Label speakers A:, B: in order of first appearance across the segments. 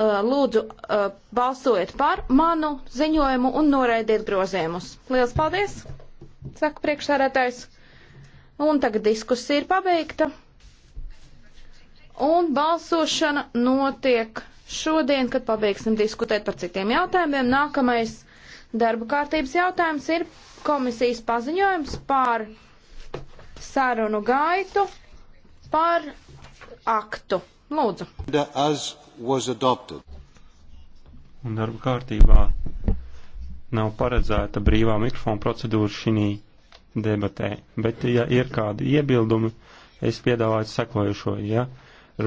A: Uh, lūdzu uh, balsojiet par manu ziņojumu un noraidiet grozījumus. Lielas paldies, saka priekšsēdētājs. Un tagad diskusija ir pabeigta. Un balsošana notiek šodien, kad pabeigsim diskutēt par citiem jautājumiem. Nākamais darba kārtības jautājums ir komisijas paziņojums par sarunu gaitu par aktu. Lūdzu.
B: Da, az was adopted. Un darba kārtībā nav paredzēta brīvā mikrofona procedūra šī debatē, bet ja ir kādi iebildumi, es piedāvāju sekojušo, ja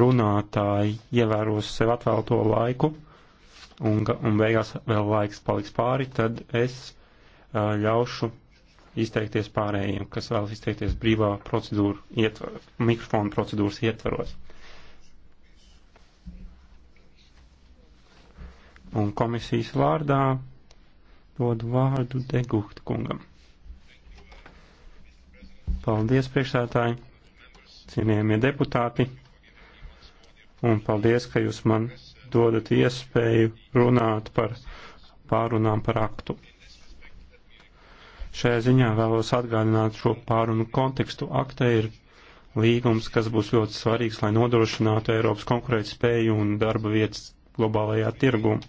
B: runātāji ievēros sev atvēlto laiku un, un beigās vēl laiks paliks pāri, tad es uh, ļaušu izteikties pārējiem, kas vēlas izteikties brīvā procedūra ietvar, mikrofona procedūras ietvaros. Un komisijas vārdā dod vārdu Degukta kungam. Paldies, priekšsētāji, cienījamie deputāti, un paldies, ka jūs man dodat iespēju runāt par pārunām par aktu. Šajā ziņā vēlos atgādināt šo pārunu kontekstu. Akta ir līgums, kas būs ļoti svarīgs, lai nodrošinātu Eiropas konkurētspēju un darba vietas globālajā tirgumā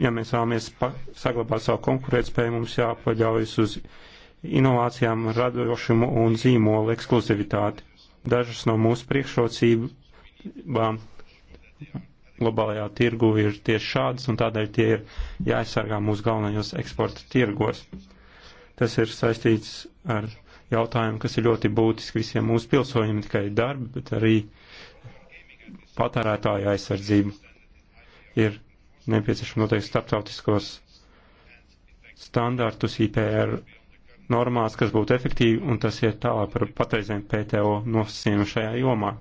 B: ja mēs vēlamies saglabāt savu konkurētspēju, mums jāpaļaujas uz inovācijām, radošumu un zīmolu ekskluzivitāti. Dažas no mūsu priekšrocībām globālajā tirgu ir tieši šādas, un tādēļ tie ir jāaizsargā mūsu galvenajos eksporta tirgos. Tas ir saistīts ar jautājumu, kas ir ļoti būtiski visiem mūsu pilsoņiem, ne tikai darba, bet arī patērētāju aizsardzību. Ir nepieciešams noteikti starptautiskos standartus IPR normās, kas būtu efektīvi, un tas ir tālāk par patreizēm PTO nosacījumu šajā jomā.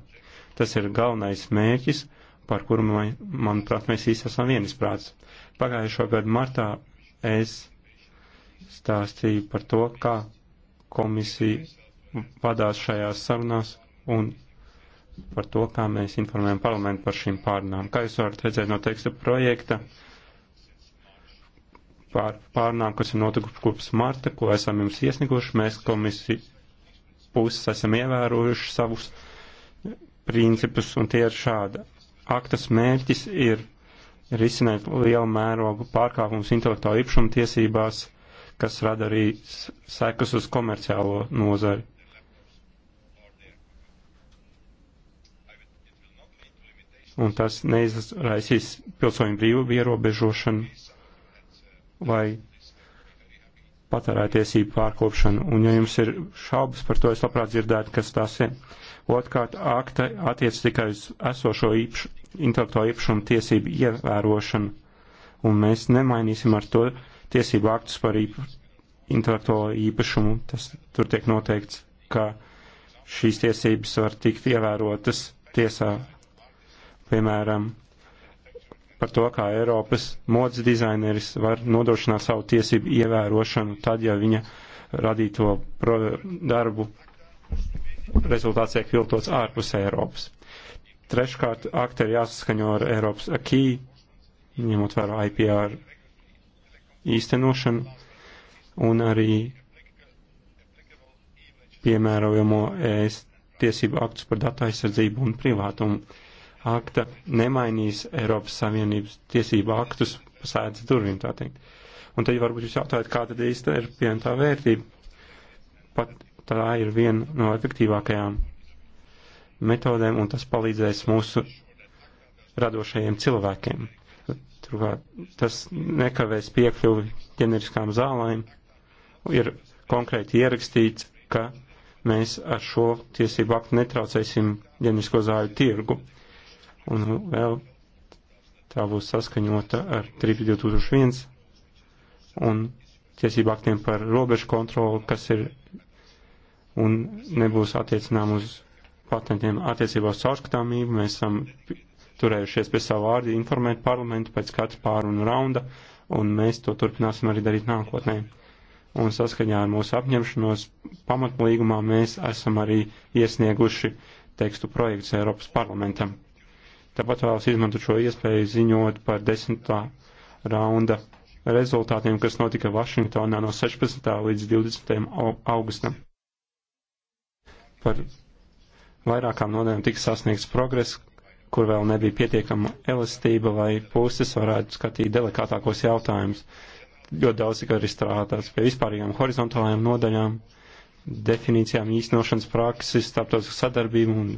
B: Tas ir galvenais mērķis, par kuru, man, manuprāt, mēs visi esam vienisprāts. Pagājušo gadu martā es stāstīju par to, kā komisija vadās šajās sarunās un par to, kā mēs informējam parlamentu par šīm pārnām. Kā jūs varat redzēt no teksta projekta par pārnām, kas ir notikuši kopš marta, ko esam jums iesnieguši, mēs komisiju puses esam ievērojuši savus principus, un tie ir šādi. Aktas mērķis ir risināt lielu mērogu pārkāpumus intelektuāla īpašuma tiesībās, kas rada arī sekas uz komerciālo nozari. un tas neizraisīs pilsoņu brīvu ierobežošanu vai patērētiesību pārkopšanu. Un, ja jums ir šaubas par to, es labprāt dzirdētu, kas tas ir. Otkārt, akta attiec tikai uz esošo īpš, intelektuālo īpašumu tiesību ievērošanu, un mēs nemainīsim ar to tiesību aktus par īp, intelektuālo īpašumu. Tas tur tiek noteikts, ka šīs tiesības var tikt ievērotas tiesā piemēram, par to, kā Eiropas modes dizaineris var nodrošināt savu tiesību ievērošanu tad, ja viņa radīto darbu rezultāts tiek viltots ārpus Eiropas. Treškārt, akti ir jāsaskaņo ar Eiropas akī, ņemot vērā IPR īstenošanu un arī piemērojamo ēst e tiesību aktus par datu aizsardzību un privātumu akta nemainīs Eiropas Savienības tiesību aktus pasēdz durvīm, tā teikt. Un tad varbūt jūs jautājat, kā tad īsti ir pieņemtā vērtība. Pat tā ir viena no efektīvākajām metodēm, un tas palīdzēs mūsu radošajiem cilvēkiem. Turklāt tas nekavēs piekļuvi ģeneriskām zālēm. Ir konkrēti ierakstīts, ka mēs ar šo tiesību aktu netraucēsim ģenerisko zāļu tirgu un vēl tā būs saskaņota ar 3001 un tiesību aktiem par robežu kontroli, kas ir un nebūs attiecinām uz patentiem attiecībā uz caurskatāmību. Mēs esam turējušies pie savu vārdu informēt parlamentu pēc katra pārunu raunda, un mēs to turpināsim arī darīt nākotnē. Un saskaņā ar mūsu apņemšanos pamatlīgumā mēs esam arī iesnieguši tekstu projekts Eiropas parlamentam. Tāpat vēlas izmantot šo iespēju ziņot par desmitā raunda rezultātiem, kas notika Vašingtonā no 16. līdz 20. augustam. Par vairākām nodaļām tika sasniegts progress, kur vēl nebija pietiekama elastība, lai puses varētu skatīt delikātākos jautājumus. Ļoti daudz tika arī strādāts pie vispārīgām horizontālajām nodaļām, uh, definīcijām, īstenošanas prakses, starptautisku sadarbību un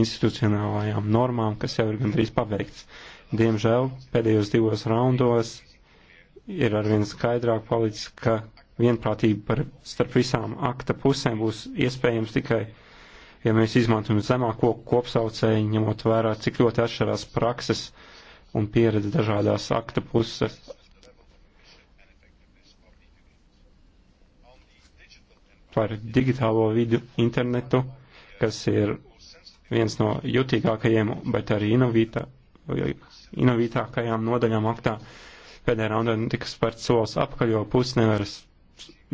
B: institucionālajām normām, kas jau ir gandrīz paveikts. Diemžēl pēdējos divos raundos ir arvien skaidrāk palicis, ka vienprātība par starp visām akta pusēm būs iespējams tikai, ja mēs izmantojam zemāko kopsaucēju, ņemot vērā, cik ļoti atšķirās prakses un pieredze dažādās akta puses, par digitālo vidu internetu, kas ir viens no jutīgākajiem, bet arī inovītā, inovītākajām nodaļām aktā. Pēdējā raundā tika spērts solis apkaļ, jo puses nevar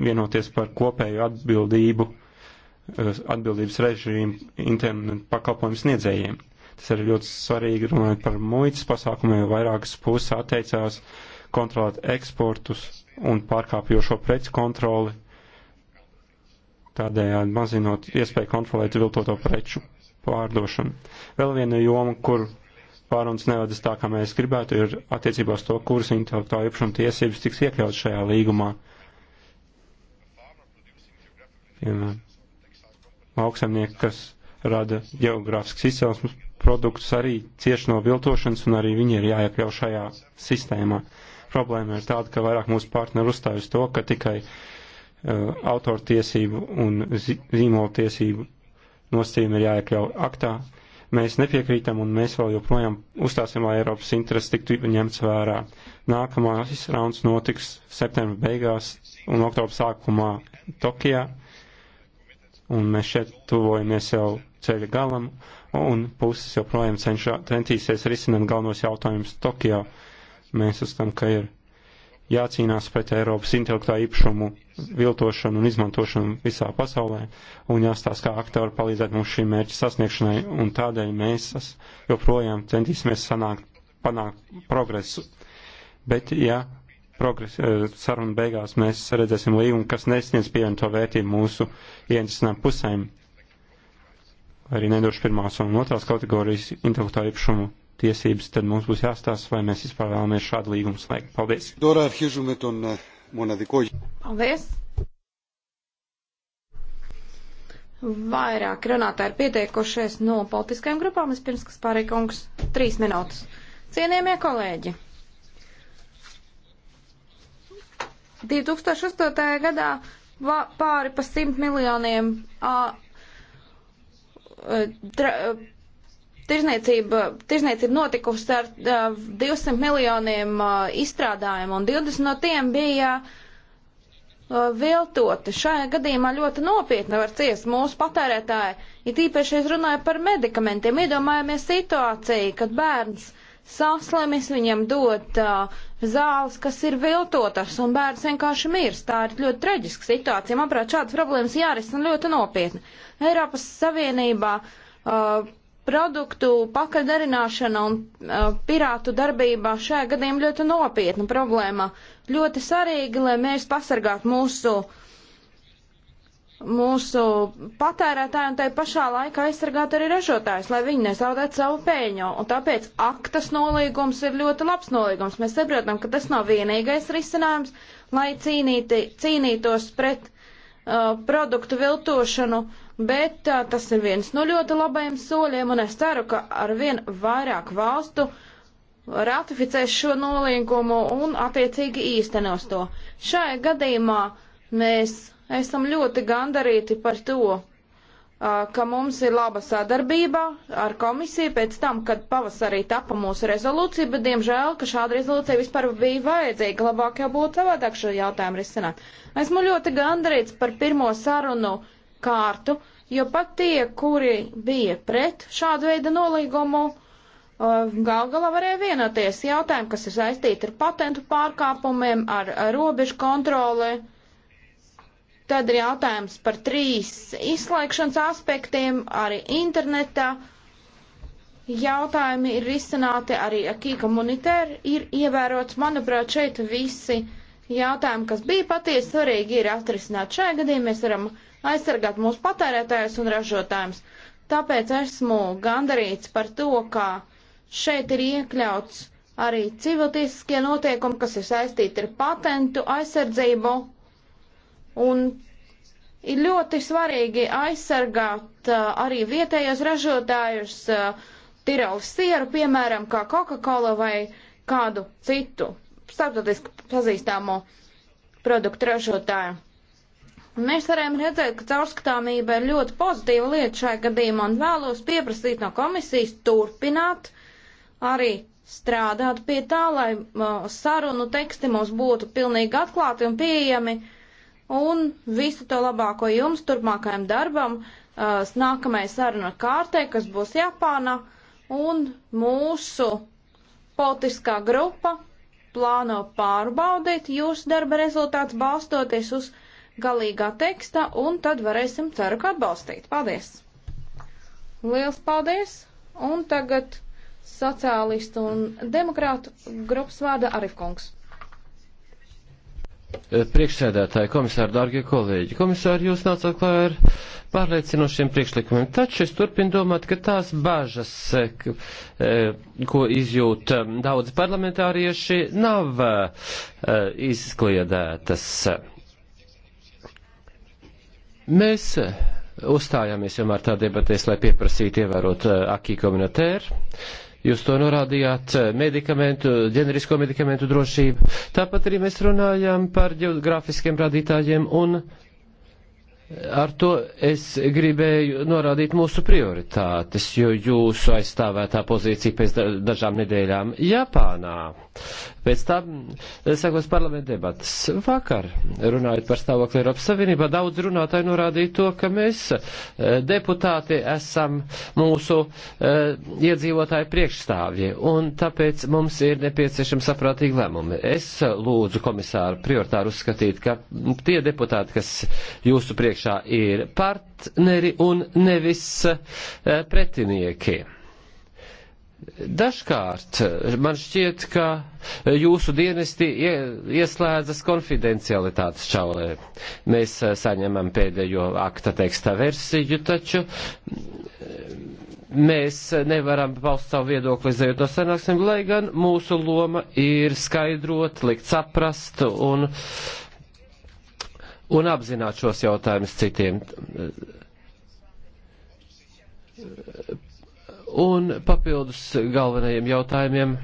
B: vienoties par kopēju atbildību, eh, atbildības režīmu internetu pakalpojumu sniedzējiem. Tas ir ļoti svarīgi runājot par muitas pasākumiem, jo vairākas puses atteicās kontrolēt eksportus un pārkāpjošo preci kontroli tādējādi mazinot iespēju kontrolēt viltoto preču pārdošanu. Vēl viena joma, kur pārunas nevedas tā, kā mēs gribētu, ir attiecībās to, kuras intelektuāla īpašuma tiesības tiks iekļauts šajā līgumā. Piemēram, lauksaimnieki, kas rada geogrāfisks izcelsmes produktus, arī cieši no viltošanas, un arī viņi ir jāiekļau šajā sistēmā. Problēma ir tāda, ka vairāk mūsu partneri uzstājas to, ka tikai uh, Uh, autortiesību un zīmoltiesību nosacījumi ir jāiekļauj aktā. Mēs nepiekrītam un mēs vēl joprojām uzstāsim, lai Eiropas intereses tiktu ņemts vērā. Nākamās rauns notiks septembra beigās un oktobra sākumā Tokijā. Un mēs šeit tuvojamies jau ceļa galam un puses joprojām cenšā, centīsies risināt galvenos jautājumus Tokijā. Mēs uzstam, ka ir jācīnās pret Eiropas intelektā īpašumu viltošanu un izmantošanu visā pasaulē un jāstāsta, kā aktori palīdzēt mums šī mērķa sasniegšanai, un tādēļ mēs joprojām centīsimies sanākt, panākt progresu. Bet, ja progres, e, saruna beigās mēs redzēsim līgumu, kas nesniedz pievienoto vērtību mūsu ieinteresinām pusēm, arī nedošu pirmās un otrās kategorijas intelektuālu īpašumu tiesības, tad mums būs jāstāsta, vai mēs vispār vēlamies šādu līgumu slēgt. Paldies! Eh,
A: Paldies! Vairāk runātāji ir pieteikušies no politiskajām grupām. Es pirms, kas pārēj kungs, trīs minūtes. Cienījamie kolēģi! 2008. gadā pāri pa simt miljoniem a, dra, eh, Tirzniecība, tirzniecība notikusi ar uh, 200 miljoniem uh, izstrādājumu, un 20 no tiem bija uh, viltoti. Šajā gadījumā ļoti nopietni var ciest mūsu patērētāji. Ir īpaši es runāju par medikamentiem. Iedomājamies situāciju, kad bērns saslimis, viņam dod uh, zāles, kas ir viltotas, un bērns vienkārši mirst. Tā ir ļoti traģiska situācija. Manuprāt, šādas problēmas jārisina ļoti nopietni. Eiropas Savienībā uh, produktu pakaļdarināšana un uh, pirātu darbība šajā gadījumā ļoti nopietna problēma. Ļoti svarīgi, lai mēs pasargātu mūsu, mūsu patērētāju un tai pašā laikā aizsargātu arī ražotājus, lai viņi nezaudētu savu pēļņu. Un tāpēc aktas nolīgums ir ļoti labs nolīgums. Mēs saprotam, ka tas nav vienīgais risinājums, lai cīnīti, cīnītos pret uh, produktu viltošanu. Uh, bet uh, tas ir viens no ļoti labajiem soļiem, un es ceru, ka ar vien vairāk valstu ratificēs šo nolīgumu un attiecīgi īstenos to. Šajā gadījumā mēs esam ļoti gandarīti par to, uh, ka mums ir laba sadarbība ar komisiju pēc tam, kad pavasarī tapa mūsu rezolūcija, bet diemžēl, ka šāda rezolūcija vispār bija vajadzīga, labāk jau būtu savādāk šo jautājumu risināt. Esmu ļoti gandarīts par pirmo sarunu uh, kārtu, jo pat tie, kuri bija pret šādu veidu nolīgumu, uh, gal galā varēja vienoties jautājumu, kas ir saistīti ar patentu pārkāpumiem, ar, ar robežu kontroli. Tad ir jautājums par trīs izslēgšanas aspektiem, arī internetā. Jautājumi ir risināti arī akī komunitēri, ir ievērots, manuprāt, šeit visi jautājumi, kas bija patiesi svarīgi, ir atrisināt šajā gadījumā. Mēs varam uh, aizsargāt mūsu patērētājus un ražotājus. Tāpēc esmu gandarīts par to, ka šeit ir iekļauts arī civiltiesiskie noteikumi, kas ir saistīti ar patentu aizsardzību. Un ir ļoti svarīgi aizsargāt uh, arī vietējos ražotājus, uh, tirau sieru, piemēram, kā Coca-Cola vai kādu citu starptautiski pazīstamo produktu ražotāju. Mēs varējām redzēt, ka caurskatāmība ir ļoti pozitīva lieta šajā gadījumā un vēlos pieprasīt no komisijas turpināt arī strādāt pie tā, lai uh, sarunu teksti mums būtu pilnīgi atklāti un pieejami un visu to labāko jums turpmākajam darbam uh, nākamajai sarunu kārtē, kas būs Japāna un mūsu politiskā grupa plāno pārbaudīt jūsu darba rezultātus balstoties uz galīgā teksta, un tad varēsim ceru, ka atbalstīt. Paldies! Liels paldies! Un tagad sociālistu un demokrātu grupas vārda Arifkungs.
C: Eh, priekšsēdētāji, komisāri, dārgie kolēģi, komisāri, jūs nācāt klāt ar pārliecinošiem priekšlikumiem, taču es turpinu domāt, ka tās bažas, eh, ko izjūt eh, daudz parlamentārieši, nav izkliedētas. Mēs eh, uzstājāmies vienmēr tā debatēs, lai pieprasītu ievērot eh, akī komunitēru. Jūs to norādījāt, eh, medikamentu, ģenerisko medikamentu drošību. Tāpat arī mēs runājām par geogrāfiskiem rādītājiem un Ar to es gribēju norādīt mūsu prioritātes, jo jūsu aizstāvētā pozīcija pēc dažām nedēļām Japānā. Pēc tam eh, sekos parlamenta debatas. Vakar, runājot par stāvokli Eiropas Savienībā, daudz runātāji norādīja to, ka mēs, eh, deputāti, esam mūsu eh, iedzīvotāju priekšstāvji, un tāpēc mums ir nepieciešami saprātīgi lēmumi. Es lūdzu komisāru prioritāru uzskatīt, ka tie deputāti, kas jūsu priekšstāvji, priekšā ir partneri un nevis eh, pretinieki. Dažkārt eh, man šķiet, ka eh, jūsu dienesti ieslēdzas konfidencialitātes čaulē. Mēs saņemam pēdējo akta teksta versiju, taču mm, mēs nevaram paust savu viedokli izējot no sanāksim, lai gan mūsu loma ir skaidrot, likt saprast un uh, un apzināt šos jautājumus citiem. Un papildus galvenajiem jautājumiem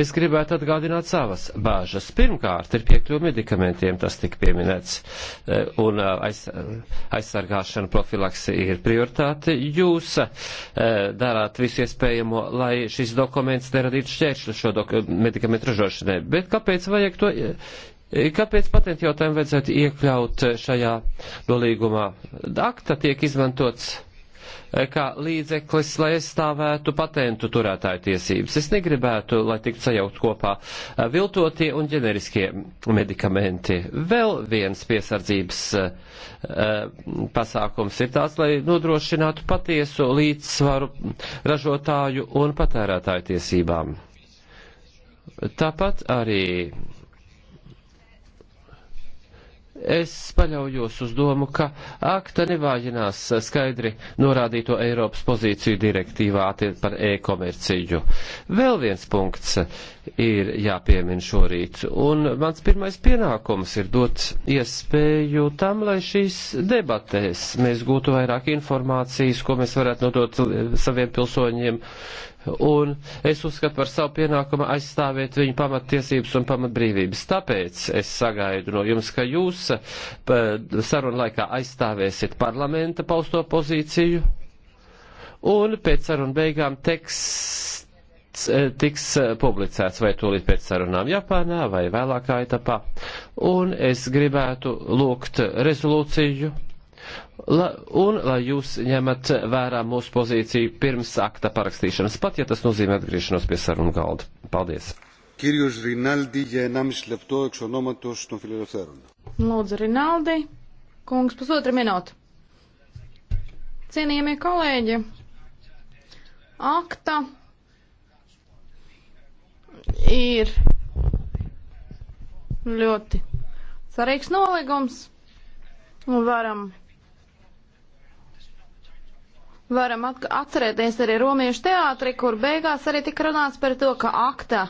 C: es gribētu atgādināt savas bāžas. Pirmkārt, ir piekļuva medikamentiem, tas tika pieminēts, un aiz, aizsargāšana profilaksi ir prioritāte. Jūs eh, darāt visu iespējamo, lai šis dokuments neradītu šķēršļu šo medikamentu ražošanai, bet kāpēc vajag to Kāpēc patentu jautājumu vajadzētu iekļaut šajā nolīgumā? Akta tiek izmantots eh, kā līdzeklis, lai aizstāvētu patentu turētāju tiesības. Es negribētu, lai tiktu sajaukt kopā eh, viltotie un ģeneriskie medikamenti. Vēl viens piesardzības eh, pasākums ir tāds, lai nodrošinātu patiesu līdzsvaru ražotāju un patērētāju tiesībām. Tāpat arī Es paļaujos uz domu, ka akta nevājinās skaidri norādīto Eiropas pozīciju direktīvā par e-komerciju. Vēl viens punkts ir jāpiemin šorīt, un mans pirmais pienākums ir dot iespēju tam, lai šīs debatēs mēs gūtu vairāk informācijas, ko mēs varētu nodot saviem pilsoņiem un es uzskatu par savu pienākumu aizstāvēt viņu pamattiesības un pamatbrīvības. Tāpēc es sagaidu no jums, ka jūs sarunu laikā aizstāvēsiet parlamenta pausto pozīciju, un pēc sarunu beigām teksts eh, tiks eh, publicēts vai tūlīt pēc sarunām Japānā vai vēlākā etapā. Un es gribētu lūgt rezolūciju la, un lai jūs ņemat vērā mūsu pozīciju pirms akta parakstīšanas, pat ja tas nozīmē atgriešanos pie sarunu galda. Paldies! Kirjus Rinaldi, ja 1,5 lepto, eks onomatos no
B: filozofērum.
A: Lūdzu, Rinaldi, kungs, pusotra minūte. Cienījamie kolēģi, akta ir ļoti svarīgs nolīgums un varam Varam atcerēties arī romiešu teātri, kur beigās arī tika runāts par to, ka akta,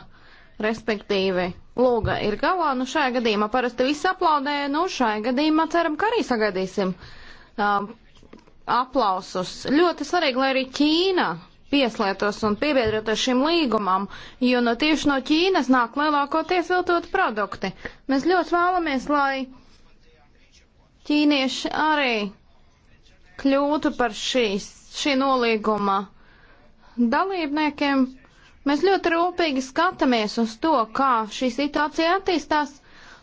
A: respektīvi, lūga ir galā. Nu, šajā gadījumā parasti visi aplaudēja, nu, šajā gadījumā ceram, ka arī sagaidīsim um, aplausus. Ļoti svarīgi, lai arī Ķīna pieslēgtos un piebiedrotos šim līgumam, jo no tieši no Ķīnas nāk lielākoties viltot produkti. Mēs ļoti vēlamies, lai ķīnieši arī kļūtu par šīs šī nolīguma dalībniekiem, mēs ļoti rūpīgi skatāmies uz to, kā šī situācija attīstās.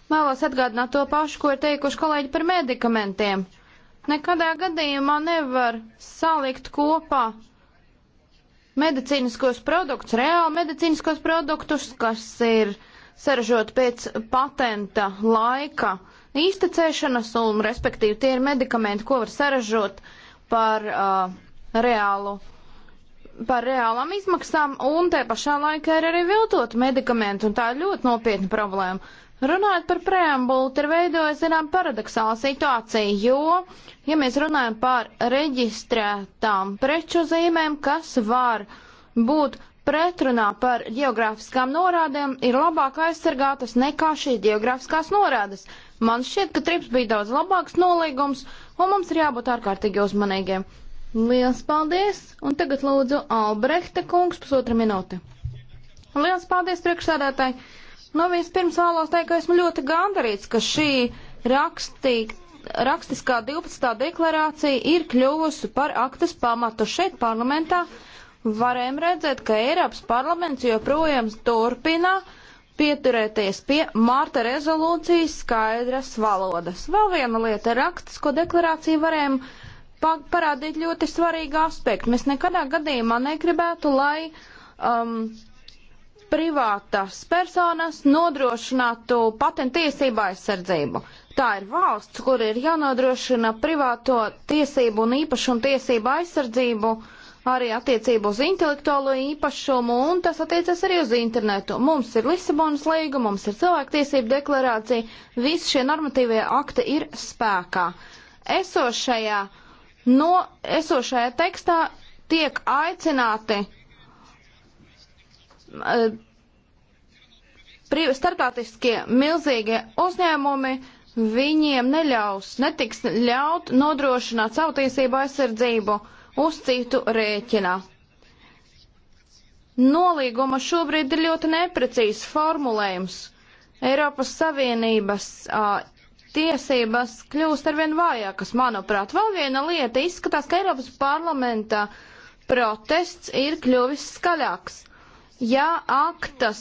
A: Vēlos atgādināt to pašu, ko ir teikuši kolēģi par medikamentiem. Nekadā gadījumā nevar salikt kopā medicīniskos produktus, reāli medicīniskos produktus, kas ir saražot pēc patenta laika īstecēšanas, un respektīvi tie ir medikamenti, ko var saražot par uh, reālu, par reālām izmaksām, un te pašā laikā ir arī viltot medikamentu, un tā ir ļoti nopietna problēma. Runājot par preambulu, ir veidojas, zinām, paradoxāla situācija, jo, ja mēs runājam par reģistrētām preču zīmēm, kas var būt pretrunā par geogrāfiskām norādēm, ir labāk aizsargātas nekā šīs geogrāfiskās norādes. Man šķiet, ka trips bija daudz labāks nolīgums, un mums ir jābūt ārkārtīgi uzmanīgiem. Liels paldies! Un tagad lūdzu Albrehta kungs pusotra minūte. Liels paldies priekšsēdētāji! Nu, vispirms vēlos teikt, ka esmu ļoti gandarīts, ka šī rakstīt, rakstiskā 12. deklarācija ir kļuvusi par aktas pamatu šeit parlamentā. Varējām redzēt, ka Eiropas parlaments joprojām turpina pieturēties pie Mārta rezolūcijas skaidras valodas. Vēl viena lieta - rakstisko deklarāciju varējām parādīt ļoti svarīgu aspektu. Mēs nekadā gadījumā negribētu, lai um, privātas personas nodrošinātu patentiesību aizsardzību. Tā ir valsts, kur ir jānodrošina privāto tiesību un īpašumu tiesību aizsardzību arī attiecību uz intelektuālo īpašumu, un tas attiecas arī uz internetu. Mums ir Lisabonas līguma, mums ir cilvēktiesība deklarācija, visi šie normatīvie akti ir spēkā. Esošajā uh, No esošajā tekstā tiek aicināti uh, eh, startautiskie milzīgie uzņēmumi, viņiem neļaus, netiks ļaut nodrošināt savu tiesību aizsardzību uz citu rēķinā. Nolīguma šobrīd ir ļoti neprecīzs formulējums. Eiropas Savienības uh, tiesības kļūst arvien vājākas, manuprāt. Vēl viena lieta izskatās, ka Eiropas parlamenta protests ir kļuvis skaļāks. Ja aktas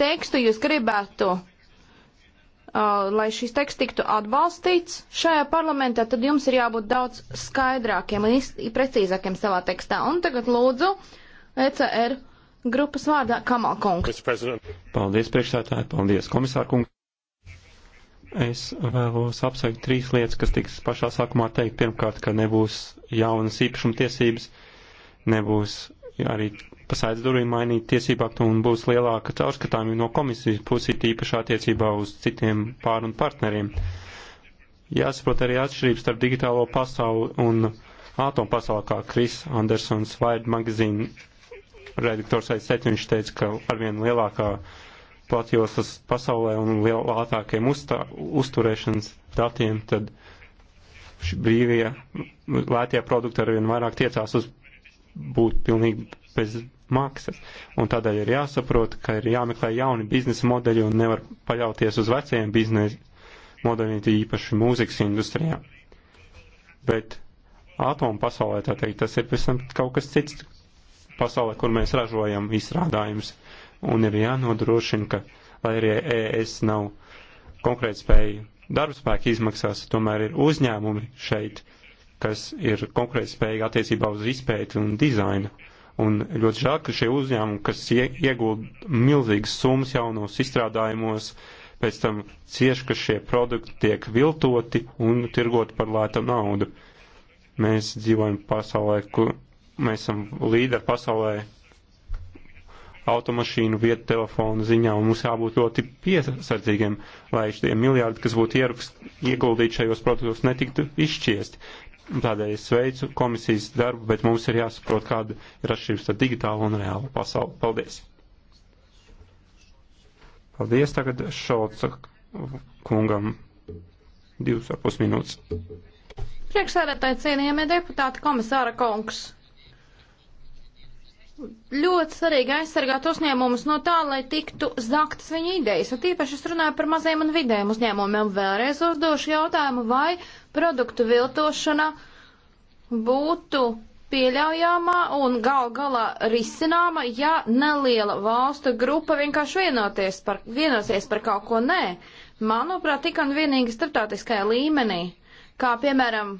A: tekstu jūs gribētu, uh, lai šis teksts tiktu atbalstīts šajā parlamentā, tad jums ir jābūt daudz skaidrākiem un precīzākiem savā tekstā. Un tagad lūdzu ECR grupas vārdā Kamalkungs.
B: Paldies priekšsētāji, paldies komisārkungs. Es vēlos apsveikt trīs lietas, kas tiks pašā sākumā teikt. Pirmkārt, ka nebūs jaunas īpašuma tiesības, nebūs arī pasaiz durvīm mainīt tiesību aktu un būs lielāka caurskatāmība no komisijas pusīt īpašā attiecībā uz citiem pārunu partneriem. Jāsaprot arī atšķirības starp digitālo pasauli un ātomu pasauli, kā Kris Andersons Wired magazīna redaktors aizsēt, viņš teica, ka arvien lielākā uh, platjoslas pasaulē un lielātākiem uztā, uzturēšanas datiem, tad brīvie, lētie produkti arvien vairāk tiecās uz būt pilnīgi bez maksas. Un tādēļ ir jāsaprot, ka ir jāmeklē jauni biznesa modeļi un nevar paļauties uz vecajiem biznesa modeļiem, īpaši mūzikas industrijā. Bet atomu pasaulē, tā teikt, tas ir pēc tam kaut kas cits pasaulē, kur mēs ražojam izstrādājumus. Uh, un ir jānodrošina, ka, lai arī ES nav konkurētspēja darbspēka izmaksās, tomēr ir uzņēmumi šeit, kas ir konkurētspējīgi attiecībā uz izpēti un dizainu. Un ļoti žēl, ka šie uzņēmumi, kas ieguld milzīgas summas jaunos izstrādājumos, pēc tam cieši, ka šie produkti tiek viltoti un tirgoti par lētu naudu. Mēs dzīvojam pasaulē, kur mēs esam līderi pasaulē automašīnu vietu telefonu ziņā, un mums jābūt ļoti piesardzīgiem, lai šie miljārdi, kas būtu ieguldīti šajos produktos, netiktu izšķiesti. Tādēļ es sveicu komisijas darbu, bet mums ir jāsaprot, kāda ir atšķirības starp digitālu un reālu pasauli. Paldies! Paldies tagad Šolca kungam. Divas ar pus minūtes.
A: Priekšsēdētāji cienījamie deputāti komisāra kungs ļoti svarīgi aizsargāt uzņēmumus no tā, lai tiktu zaktas viņa idejas. Un tīpaši es runāju par maziem un vidējiem uzņēmumiem. Vēlreiz uzdošu jautājumu, vai produktu viltošana būtu pieļaujāmā un gal galā risināma, ja neliela valstu grupa vienkārši vienoties par, vienosies par kaut ko nē. Manuprāt, tik un vienīgi starptautiskajā līmenī, kā piemēram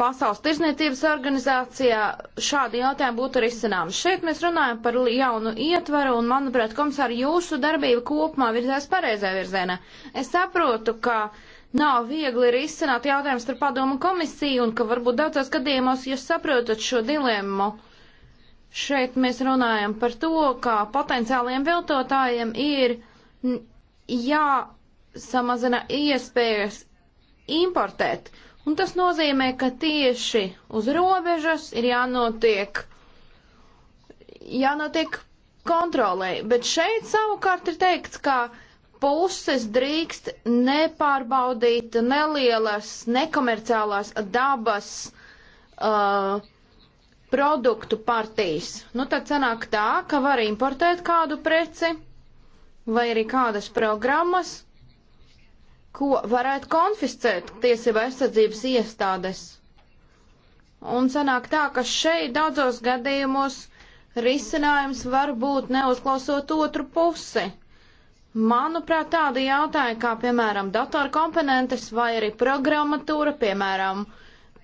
A: Pasaules tirzniecības organizācijā šādi jautājumi būtu risināmi. Šeit mēs runājam par jaunu ietvaru, un, manuprāt, komisāri, jūsu darbība kopumā virzās pareizā virzienā. Es saprotu, ka nav viegli risināt jautājumus ar padomu komisiju, un ka varbūt daudzos gadījumos jūs saprotat šo dilemmu. Šeit mēs runājam par to, ka potenciāliem viltotājiem ir jāsamazina iespējas importēt. Un tas nozīmē, ka tieši uz robežas ir jānotiek, jānotiek kontrolē. Bet šeit savukārt ir teikts, ka puses drīkst nepārbaudīt nelielas, nekomerciālās dabas uh, produktu partijas. Nu, tad sanāk tā, ka var importēt kādu preci vai arī kādas programmas, ko varētu konfiscēt tiesība aizsardzības iestādes. Un sanāk tā, ka šeit daudzos gadījumos risinājums var būt neuzklausot otru pusi. Manuprāt, tādi jautājumi kā, piemēram, datorkomponentes vai arī programmatūra, piemēram,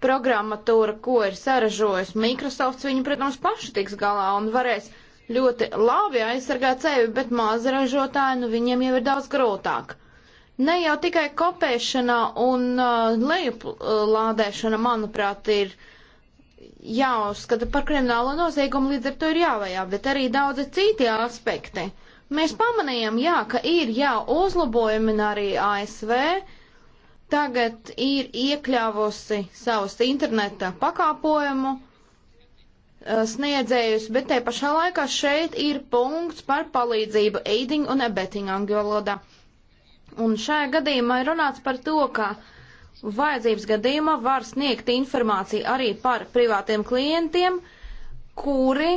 A: programmatūra, ko ir saražojis Microsoft, viņi, protams, paši tiks galā un varēs ļoti labi aizsargāt sevi, bet mazi ražotāji, nu viņiem jau ir daudz grūtāk. Ne jau tikai kopēšana un uh, lejuplādēšana, manuprāt, ir jāuzskata par kriminālo noziegumu, līdz ar to ir jāvajā, bet arī daudzi citi aspekti. Mēs pamanījām, jā, ka ir jā uzlabojumi arī ASV, tagad ir iekļāvusi savus interneta pakāpojumu uh, sniedzējus, bet te pašā laikā šeit ir punkts par palīdzību aiding un abetting angļu valodā. Un šajā gadījumā ir runāts par to, ka vajadzības gadījumā var sniegt informāciju arī par privātiem klientiem, kuri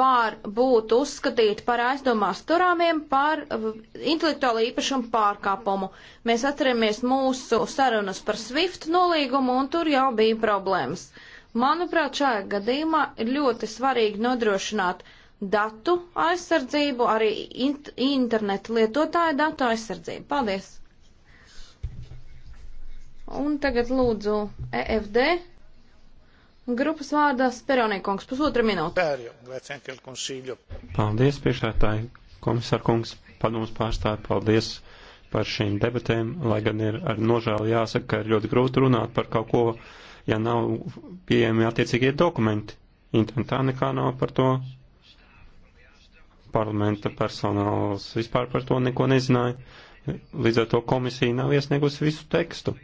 A: var būt uzskatīti par aizdomās turāmiem par intelektuālo īpašumu pārkāpumu. Mēs atceramies mūsu sarunas par SWIFT nolīgumu, un tur jau bija problēmas. Manuprāt, šajā gadījumā ir ļoti svarīgi nodrošināt uh, datu aizsardzību, arī int internetu lietotāju datu aizsardzību. Paldies! Un tagad lūdzu EFD grupas vārdā Speronīkungs pusotra minūte.
B: Paldies, priekšētāji, komisārkungs, padomus pārstāvi, paldies par šīm debatēm, lai gan ir ar nožēlu jāsaka, ka ir ļoti grūti runāt par kaut ko, ja nav pieejami attiecīgie dokumenti. Internetā nekā nav par to parlamenta personāls vispār par to neko nezināja. Līdz ar to komisija nav iesniegusi visu tekstu.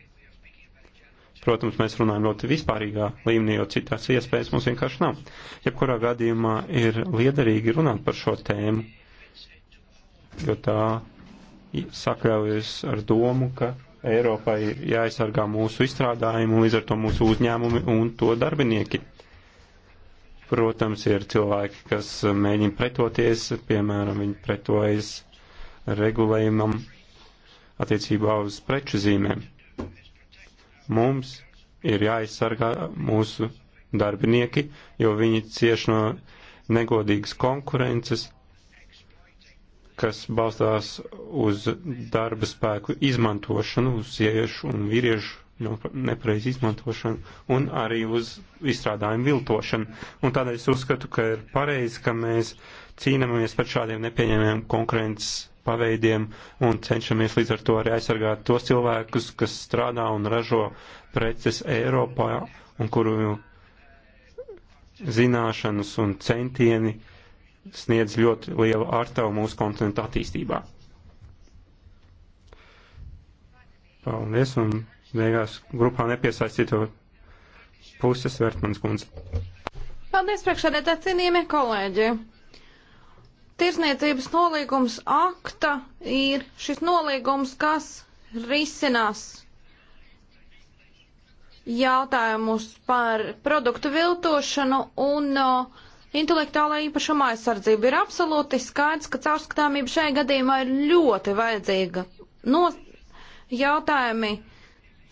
B: Protams, mēs runājam ļoti vispārīgā līmenī, jo citās iespējas mums vienkārši nav. Jebkurā gadījumā ir liederīgi runāt par šo tēmu, jo tā sakļaujas ar domu, ka Eiropai ir jāaizsargā mūsu izstrādājumi un līdz ar to mūsu uzņēmumi un to darbinieki. Protams, ir cilvēki, kas mēģina pretoties, piemēram, viņi pretojas regulējumam attiecībā uz preču zīmēm. Mums ir jāaizsargā mūsu darbinieki, jo viņi cieš no negodīgas konkurences, kas balstās uz darba spēku izmantošanu, uz sieviešu un vīriešu no nu, nepareiz izmantošanu un arī uz izstrādājumu viltošanu. Un tādēļ es uzskatu, ka ir pareizi, ka mēs cīnāmies par šādiem nepieņemiem konkurences paveidiem un cenšamies līdz ar to arī aizsargāt tos cilvēkus, kas strādā un ražo preces Eiropā un kuru zināšanas un centieni sniedz ļoti lielu ārtavu mūsu kontinentu attīstībā. Paldies un beigās grupā nepiesaistīto puses Vertmans kundze.
A: Paldies, priekšsēdētāji, cienījamie kolēģi! Tirzniecības nolīgums akta ir šis nolīgums, kas risinās jautājumus par produktu viltošanu un uh, intelektuālā īpašuma aizsardzību. Ir absolūti skaidrs, ka caurskatāmība šajā gadījumā ir ļoti vajadzīga. No jautājumi uh,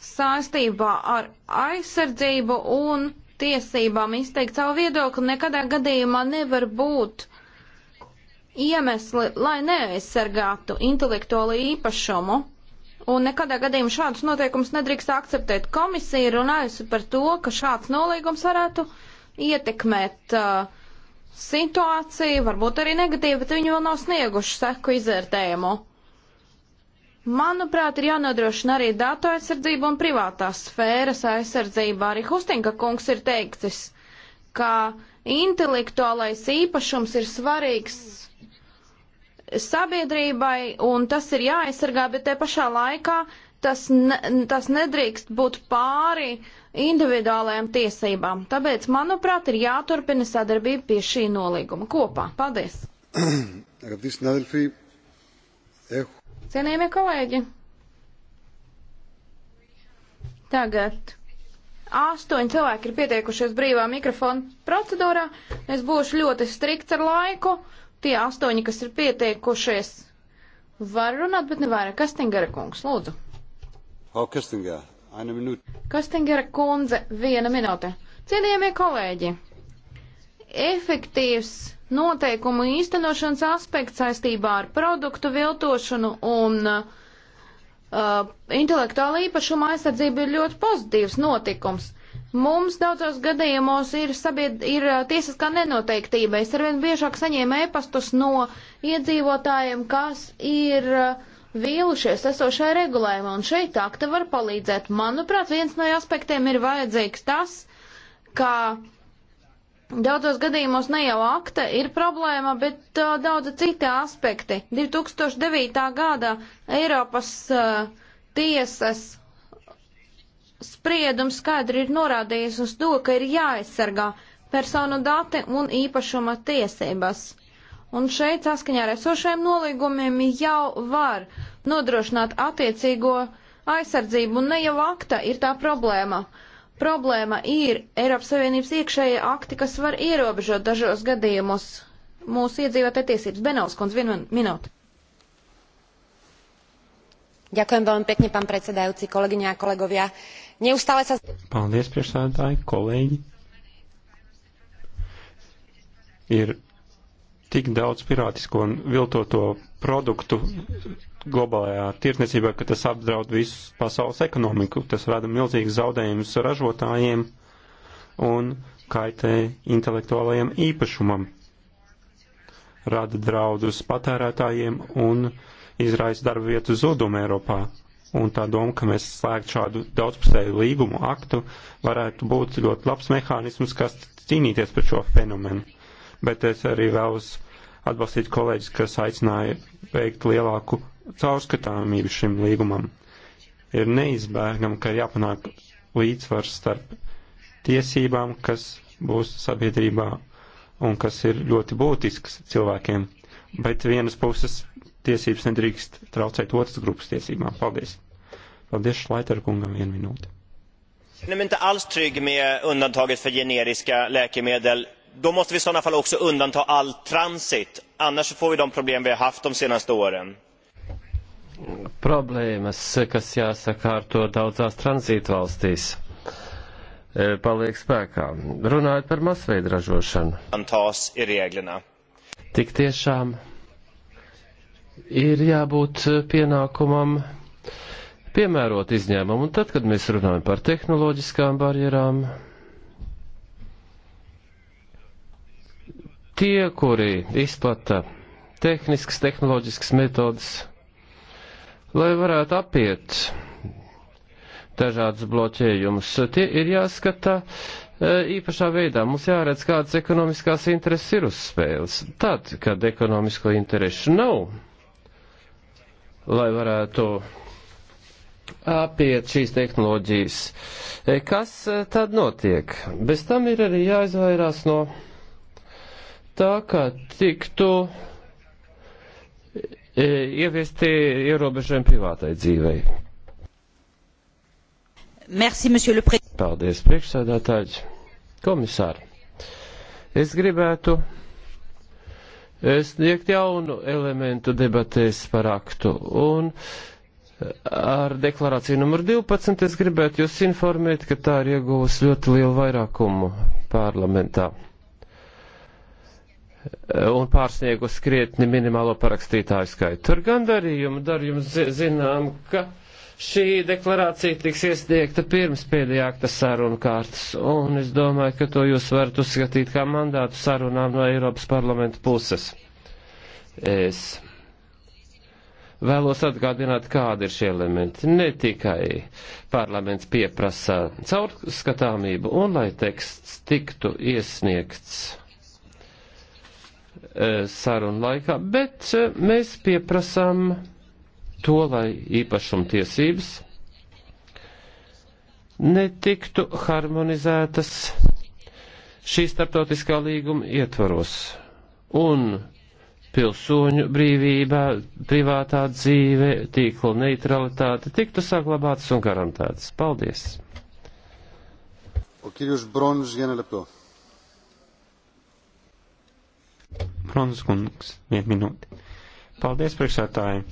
A: saistībā ar aizsardzību un tiesībām izteikt savu viedokli nekadā gadījumā nevar būt iemesli, lai neaizsargātu intelektuālo īpašumu. Un nekadā gadījumā šādus noteikumus nedrīkst akceptēt. Komisija runājusi par to, ka šāds nolīgums varētu ietekmēt uh, situāciju, varbūt arī negatīvi, bet viņi vēl nav snieguši seku izvērtējumu. Manuprāt, ir jānodrošina arī datu aizsardzība un privātās sfēras aizsardzība. Arī Hustinga kungs ir teiktis, ka intelektuālais īpašums ir svarīgs sabiedrībai un tas ir jāaizsargā, bet te pašā laikā tas, ne, tas nedrīkst būt pāri individuālajām tiesībām. Tāpēc, manuprāt, ir jāturpina sadarbība pie šī nolīguma kopā. Paldies! Cienījamie kolēģi, tagad astoņi cilvēki ir pieteikušies brīvā mikrofona procedūrā. Es būšu ļoti strikts ar laiku. Tie astoņi, kas ir pieteikušies, var runāt, bet nevairāk. Kastingera kungs, lūdzu. Frau Kastinger, eine Minute. Kastingera kundze, viena minūte. Cienījamie kolēģi, efektīvs noteikumu īstenošanas aspekts saistībā ar produktu viltošanu un uh, intelektuāla īpašuma aizsardzību ir ļoti pozitīvs notikums. Mums daudzos gadījumos ir, sabied, ir uh, tiesiskā nenoteiktība. Es arvien biežāk saņēmu ēpastus no iedzīvotājiem, kas ir uh, vīlušies esošai regulējumā, un šeit akta var palīdzēt. Manuprāt, viens no aspektiem ir vajadzīgs tas, ka uh, Daudzos gadījumos ne jau akta ir problēma, bet uh, daudz citi aspekti. 2009. gada Eiropas uh, tiesas spriedums skaidri ir norādījis uz to, ka ir jāaizsargā personu dati un īpašuma tiesības. Un šeit saskaņā ar esošajiem nolīgumiem jau var nodrošināt attiecīgo aizsardzību, un ne jau akta ir tā problēma. Uh, Problēma ir Eiropas Savienības iekšējie akti, kas var ierobežot dažos gadījumos mūsu iedzīvotāju tiesības. Benovs kundz, vienu minūti. Ďakujem veľmi pekne, pán predsedajúci, kolegyne a kolegovia. Neustále sa...
B: Paldies, priekšsēdētāji, kolēģi. Ir tik daudz pirātisko un viltoto produktu globālajā tirtniecībā, ka tas apdraud visu pasaules ekonomiku. Tas rada milzīgas zaudējumus ražotājiem un kaitē intelektuālajiem īpašumam, rada draudus patērētājiem un izraisa darba vietu zudumu Eiropā. Un tā doma, ka mēs slēgt šādu daudzpusēju līgumu aktu, varētu būt ļoti labs mehānisms, kas cīnīties par šo fenomenu. Bet es arī vēlos atbalstīt kolēģis, kas aicināja veikt lielāku caurskatāmību šim līgumam. Ir neizbēgam, ka jāpanāk līdzsvars starp tiesībām, kas būs sabiedrībā un kas ir ļoti būtisks cilvēkiem, bet vienas puses tiesības nedrīkst traucēt otras grupas tiesībām. Paldies! Paldies Šlaiter kungam vienu minūti. Jag känner nu, mig inte alls trygg med undantaget för generiska läkemedel då måste vi i sådana fall också undanta all transit annars får vi de problem vi har haft de senaste åren.
C: Problēmas, kas jāsakārto daudzās tranzītvalstīs, e, paliek spēkā. Runājot par masveidu ražošanu.
B: Antās ir rēglinā.
C: Tik tiešām ir jābūt pienākumam piemērot izņēmumu, un tad, kad mēs runājam par tehnoloģiskām barjerām, tie, kuri izplata tehniskas, tehnoloģiskas metodas, lai varētu apiet dažādas bloķējumus, tie ir jāskata e, īpašā veidā. Mums jāredz, kādas ekonomiskās intereses ir uz spēles. Tad, kad ekonomisko interesu nav, lai varētu apiet šīs tehnoloģijas, e, kas e, tad notiek? Bez tam ir arī jāizvairās no tā, ka tiktu e, ieviesti ierobežojumi privātai dzīvei. Merci, le pre... Paldies, priekšsēdētāji. Komisāri, es gribētu e, sniegt jaunu elementu debatēs par aktu. Un ar deklarāciju numur 12 es gribētu jūs informēt, ka tā ir iegūs ļoti lielu vairākumu parlamentā un pārsniegus krietni minimālo parakstītāju skaitu. Tur gan darījumu, darījumu zinām, ka šī deklarācija tiks iesniegta pirms pēdējā akta sarunu kārtas, un es domāju, ka to jūs varat uzskatīt kā mandātu sarunām no Eiropas parlamenta puses. Es vēlos atgādināt, kādi ir šie elementi. Ne tikai parlaments pieprasa caurskatāmību, un lai teksts tiktu iesniegts Eh, sarunu laikā, bet eh, mēs pieprasām to, lai īpašumtiesības netiktu harmonizētas šī starptautiskā līguma ietvaros. Un pilsoņu brīvība, privātā dzīve, tīkla neutralitāte tiktu
B: saglabātas un garantētas. Paldies!
A: O, Kirjuš Brons, viena lepto.
B: Prons kungs, vien minūte. Paldies, priekšsētāji.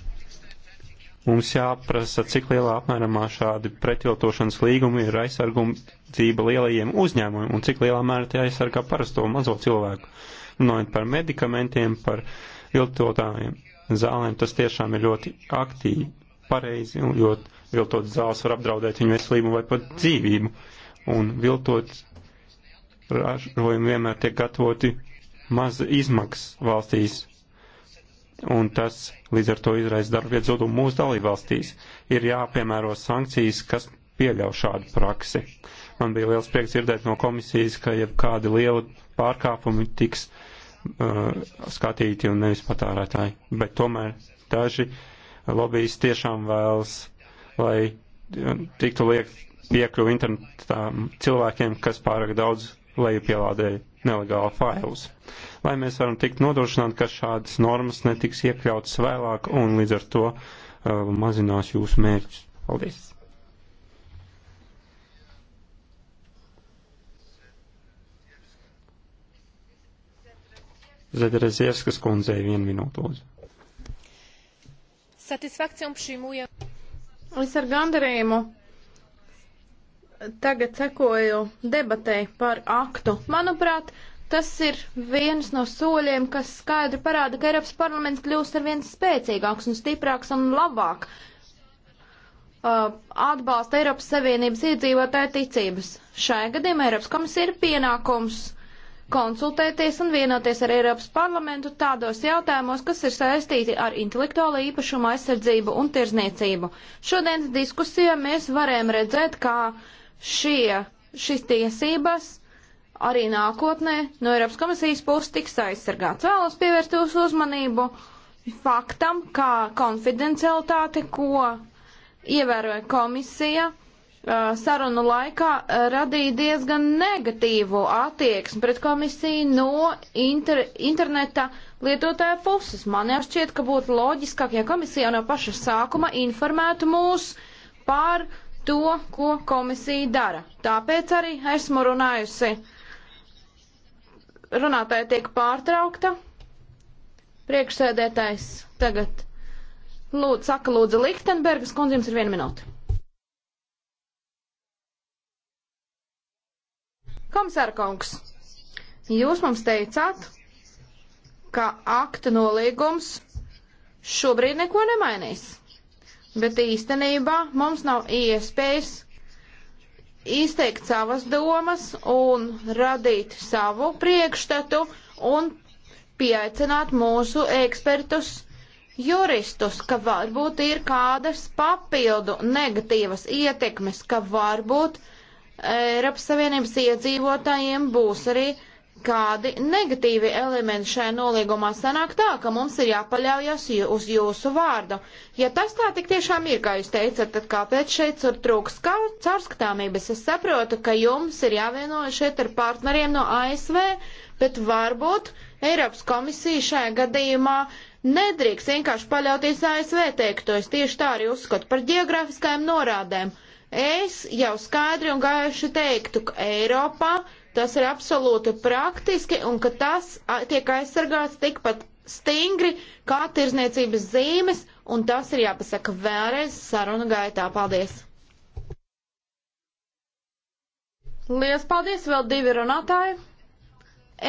B: Mums jāprasa, cik lielā apmērā šādi pretviltošanas līgumi ir aizsargumdzība lielajiem uzņēmumiem un cik lielā mērā tie aizsargā parasto mazo cilvēku. Runājot par medikamentiem, par viltotājiem zālēm, tas tiešām ir ļoti aktīvi pareizi, jo viltot zāles var apdraudēt viņu veselību vai pat dzīvību. Un viltot ražojumi vienmēr tiek gatavoti maz izmaksas valstīs, un tas līdz ar to izraisa darbvietu zudumu mūsu dalībvalstīs. Ir jāpiemēro sankcijas, kas pieļauj šādu praksi. Man bija liels prieks dzirdēt no komisijas, ka jebkādi lieli pārkāpumi tiks uh, skatīti un nevis patārētāji, bet tomēr daži lobbyis tiešām vēlas, lai uh, tiktu liekt piekļuvi internetā cilvēkiem, kas pārāk daudz lejupielādē nelegāli failus. Lai mēs varam tikt nodrošināt, ka šādas normas netiks iekļautas vēlāk un līdz ar to uh, mazinās jūsu mērķus. Paldies! Zederezievskas kundzei vienu minūtu lūdzu.
A: Satisfakcijom šīm ujām. Es ar gandarījumu tagad sekoju debatei par aktu. Manuprāt, tas ir viens no soļiem, kas skaidri parāda, ka Eiropas parlaments kļūst ar viens spēcīgāks un stiprāks un labāk uh, atbalsta Eiropas Savienības iedzīvotāju ticības. Šajā gadījumā Eiropas komisija ir pienākums konsultēties un vienoties ar Eiropas parlamentu tādos jautājumos, kas ir saistīti ar intelektuālo īpašumu aizsardzību un tirzniecību. Šodienas diskusijā mēs varējām redzēt, kā uh, šie, šis tiesības arī nākotnē no Eiropas komisijas puses tiks aizsargāts. Vēlos pievērst jūsu uzmanību faktam, kā konfidencialitāte, ko ievēroja komisija sarunu laikā, radīja diezgan negatīvu attieksmi pret komisiju no inter interneta lietotāja puses. Man jau šķiet, ka būtu loģiskāk, ja komisija no paša sākuma informētu mūs par uh, to, ko komisija dara. Tāpēc arī esmu runājusi. Runātāja tiek pārtraukta. Priekšsēdētājs tagad lūdzu, saka lūdzu Lichtenbergas kundze, jums ir viena minūte. Komisāra kungs, jūs mums teicāt, ka akta nolīgums šobrīd neko nemainīs bet īstenībā mums nav iespējas izteikt savas domas un radīt savu priekšstatu un pieaicināt mūsu ekspertus juristus, ka varbūt ir kādas papildu negatīvas ietekmes, ka varbūt Eiropas Savienības iedzīvotājiem būs arī uh, kādi negatīvi elementi šajā nolīgumā sanāk tā, ka mums ir jāpaļaujas uz jūsu vārdu. Ja tas tā tik tiešām ir, kā jūs teicat, tad kāpēc šeit tur trūks caurskatāmības? Es saprotu, ka jums ir jāvienojas šeit ar partneriem no ASV, bet varbūt Eiropas komisija šajā gadījumā nedrīkst vienkārši paļauties ASV teikto. Es tieši tā arī uzskatu par geogrāfiskajām norādēm. Es jau skaidri un gaiši teiktu, ka Eiropā tas ir absolūti praktiski un ka tas tiek aizsargāts tikpat stingri kā tirzniecības zīmes, un tas ir jāpasaka vēlreiz sarunu gaitā. Paldies! Lielas paldies! Vēl divi runātāji.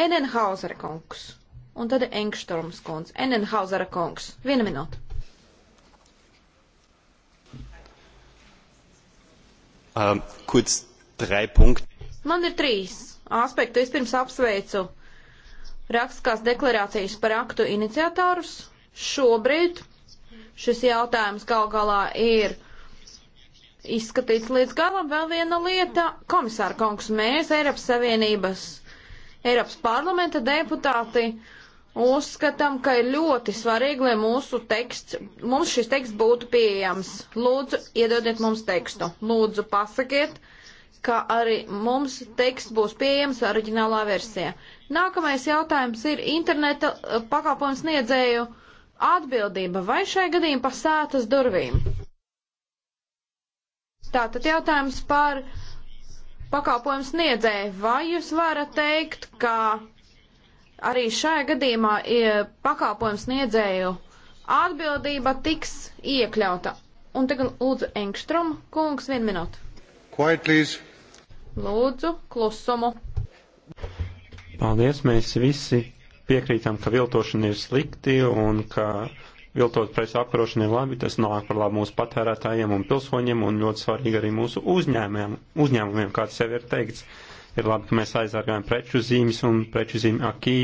A: Enenhauser kungs un tad Engstorms kungs, Enenhausera kungs. Viena minūte.
B: Um, kurz, drei punkti.
A: Man ir trīs aspektu vispirms apsveicu rakstiskās deklarācijas par aktu iniciatorus. Šobrīd šis jautājums gal galā ir izskatīts līdz galam. Vēl viena lieta, komisāra kungs, mēs Eiropas Savienības, Eiropas parlamenta deputāti uzskatām, ka ir ļoti svarīgi, lai mūsu teksts, mums šis teksts būtu pieejams. Lūdzu, iedodiet mums tekstu. Lūdzu, pasakiet, uh, ka arī mums teksts būs pieejams oriģinālā versijā. Nākamais jautājums ir interneta eh, pakalpojums niedzēju atbildība vai šai gadījumā pasētas durvīm. Tātad jautājums par pakalpojums niedzēju. Vai jūs varat teikt, ka arī šajā gadījumā eh, pakalpojums niedzēju atbildība tiks iekļauta? Un tagad lūdzu Engstrom kungs vienu minūtu. Quiet, please. Lūdzu, klusumu.
B: Paldies, mēs visi piekrītam, ka viltošana ir slikti un ka viltot preču apkarošana ir labi, tas nāk par labu mūsu patērētājiem un pilsoņiem un ļoti svarīgi arī mūsu uzņēmumiem, uzņēmumiem kā tas jau ir teikts. Ir labi, ka mēs aizsargājam preču zīmes un preču zīme akī,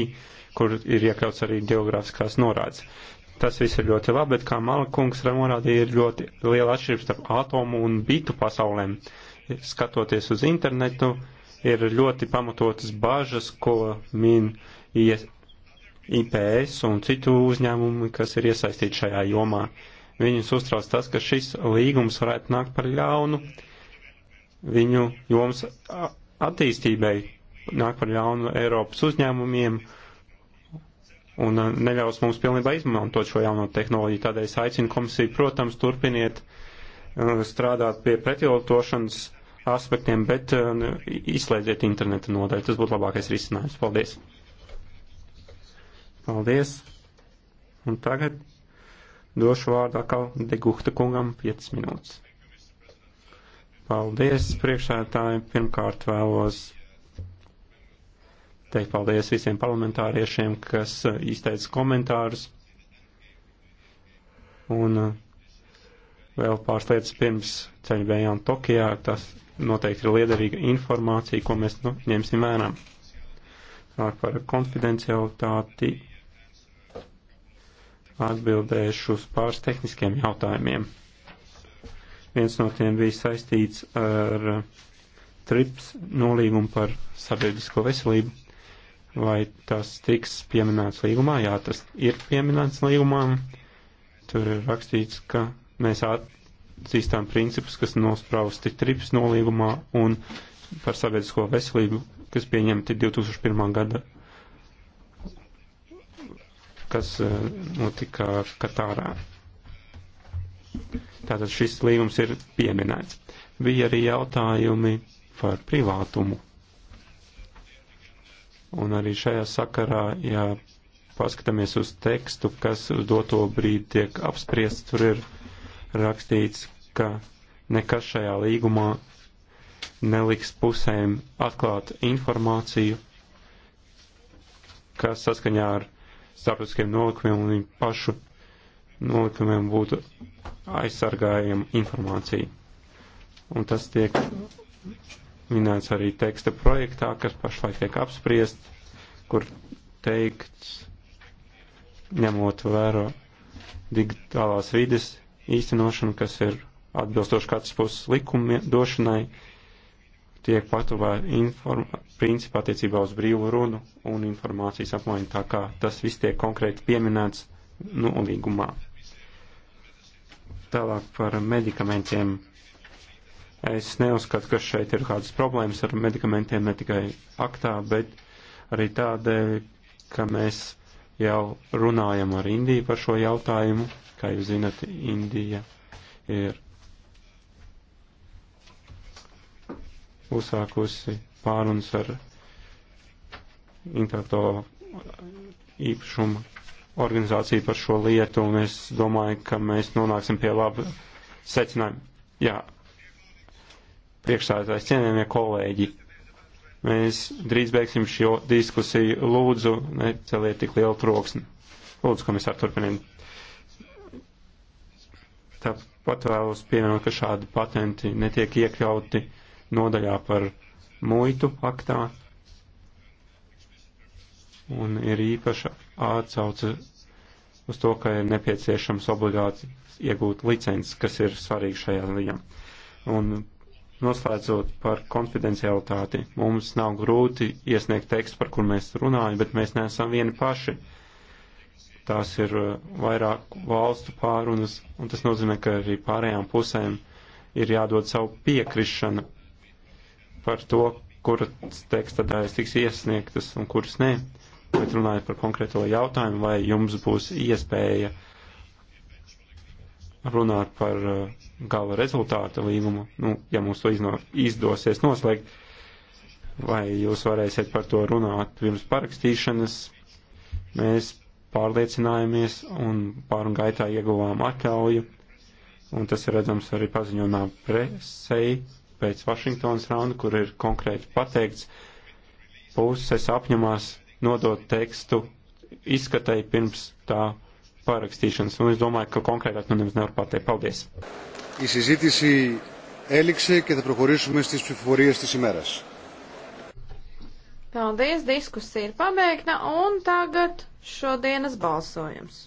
B: kur ir iekļauts arī geogrāfiskās norādes. Tas viss ir ļoti labi, bet kā Malakungs norādīja, ir ļoti liela atšķirība starp atomu un bitu pasaulēm. Uh, skatoties uz internetu, ir ļoti pamatotas bažas, ko min IPS e un citu uzņēmumu, kas ir iesaistīti šajā jomā. Viņus uztrauc tas, ka šis līgums varētu nākt par ļaunu viņu joms attīstībai, nāk par ļaunu Eiropas uzņēmumiem un neļaus mums pilnībā izmantot šo jauno tehnoloģiju. Tādēļ es aicinu komisiju, protams, turpiniet uh, Uh, strādāt pie pretjautošanas aspektiem, bet uh, nu, izslēdziet interneta nodaļu. Tas būtu labākais risinājums. Paldies! Paldies! Un tagad došu vārdu atkal Degukta kungam 5 minūtes. Paldies, priekšētāji! Pirmkārt vēlos teikt paldies visiem parlamentāriešiem, kas uh, izteica komentārus. Un uh, vēl pāris lietas pirms ceļu bējām Tokijā. Tas noteikti ir liederīga informācija, ko mēs nu, ņemsim vērā. Tālāk par konfidencialitāti atbildēšu uz pāris tehniskiem jautājumiem. Viens no tiem bija saistīts ar trips nolīgumu par sabiedrisko veselību. Vai tas tiks pieminēts līgumā? Jā, tas ir pieminēts līgumā. Tur ir rakstīts, ka Mēs atzīstām principus, kas nosprausti trips nolīgumā un par sabiedrisko veselību, kas pieņemti 2001. gada, kas e, notika Katārā. Tātad šis līgums ir pieminēts. Bija arī jautājumi par privātumu. Un arī šajā sakarā, ja paskatāmies uz tekstu, kas uz doto brīdi tiek apspriests, tur ir rakstīts, ka nekas šajā līgumā neliks pusēm atklāt informāciju, kas saskaņā ar starptautiskiem nolikumiem un viņu pašu nolikumiem būtu aizsargājama informācija. Un tas tiek minēts arī teksta projektā, kas pašlaik tiek apspriest, kur teikts, ņemot vēro digitālās vides īstenošanu, kas ir atbilstoši katras puses likumdošanai, tiek paturēta principā attiecībā uz brīvu runu un informācijas apmaiņu, tā kā tas viss tiek konkrēti pieminēts nolīgumā. Nu, Tālāk par medikamentiem. Es neuzskatu, ka šeit ir kādas problēmas ar medikamentiem ne tikai aktā, bet arī tādēļ, ka mēs jau runājam ar Indiju par šo jautājumu, Kā jūs zināt, Indija ir uzsākusi pārunas ar intelektuālo īpašumu organizāciju par šo lietu, un es domāju, ka mēs nonāksim pie laba secinājuma. Jā, priekšstādātājs, cienījamie kolēģi, mēs drīz beigsim šo diskusiju. Lūdzu, neceliet tik lielu troksni. Lūdzu, komisār, turpiniet. Tāpat vēlos pieminēt, ka šādi patenti netiek iekļauti nodaļā par muitu aktā. Un ir īpaša atsauce uz to, ka ir nepieciešams obligāti iegūt licences, kas ir svarīgi šajā ziņā. Un noslēdzot par konfidencialitāti, mums nav grūti iesniegt tekstu, par kur mēs runājam, bet mēs neesam vieni paši. Uh, tās ir uh, vairāk valstu pārunas, un tas nozīmē, ka arī pārējām pusēm ir jādod savu piekrišanu par to, kuras teksta daļas tiks iesniegtas un kuras nē. Bet runājot par konkrēto jautājumu, vai jums būs iespēja runāt par uh, gala rezultātu līgumu, nu, ja mums to izno, izdosies noslēgt, vai jūs varēsiet par to runāt pirms parakstīšanas, mēs pārliecinājāmies un pārunu gaitā ieguvām atļauju, un tas ir redzams arī paziņojumā presei pēc Vašingtonas raunda, kur ir konkrēti pateikts, puses apņemās nodot tekstu izskatai pirms tā pārakstīšanas, un es domāju, ka konkrētāk nu nevis nevar pateikt. Paldies! Η συζήτηση έληξε και θα προχωρήσουμε στις ψηφοφορίες της ημέρας.
A: Paldies, diskusija ir pabeigta un tagad šodienas balsojums.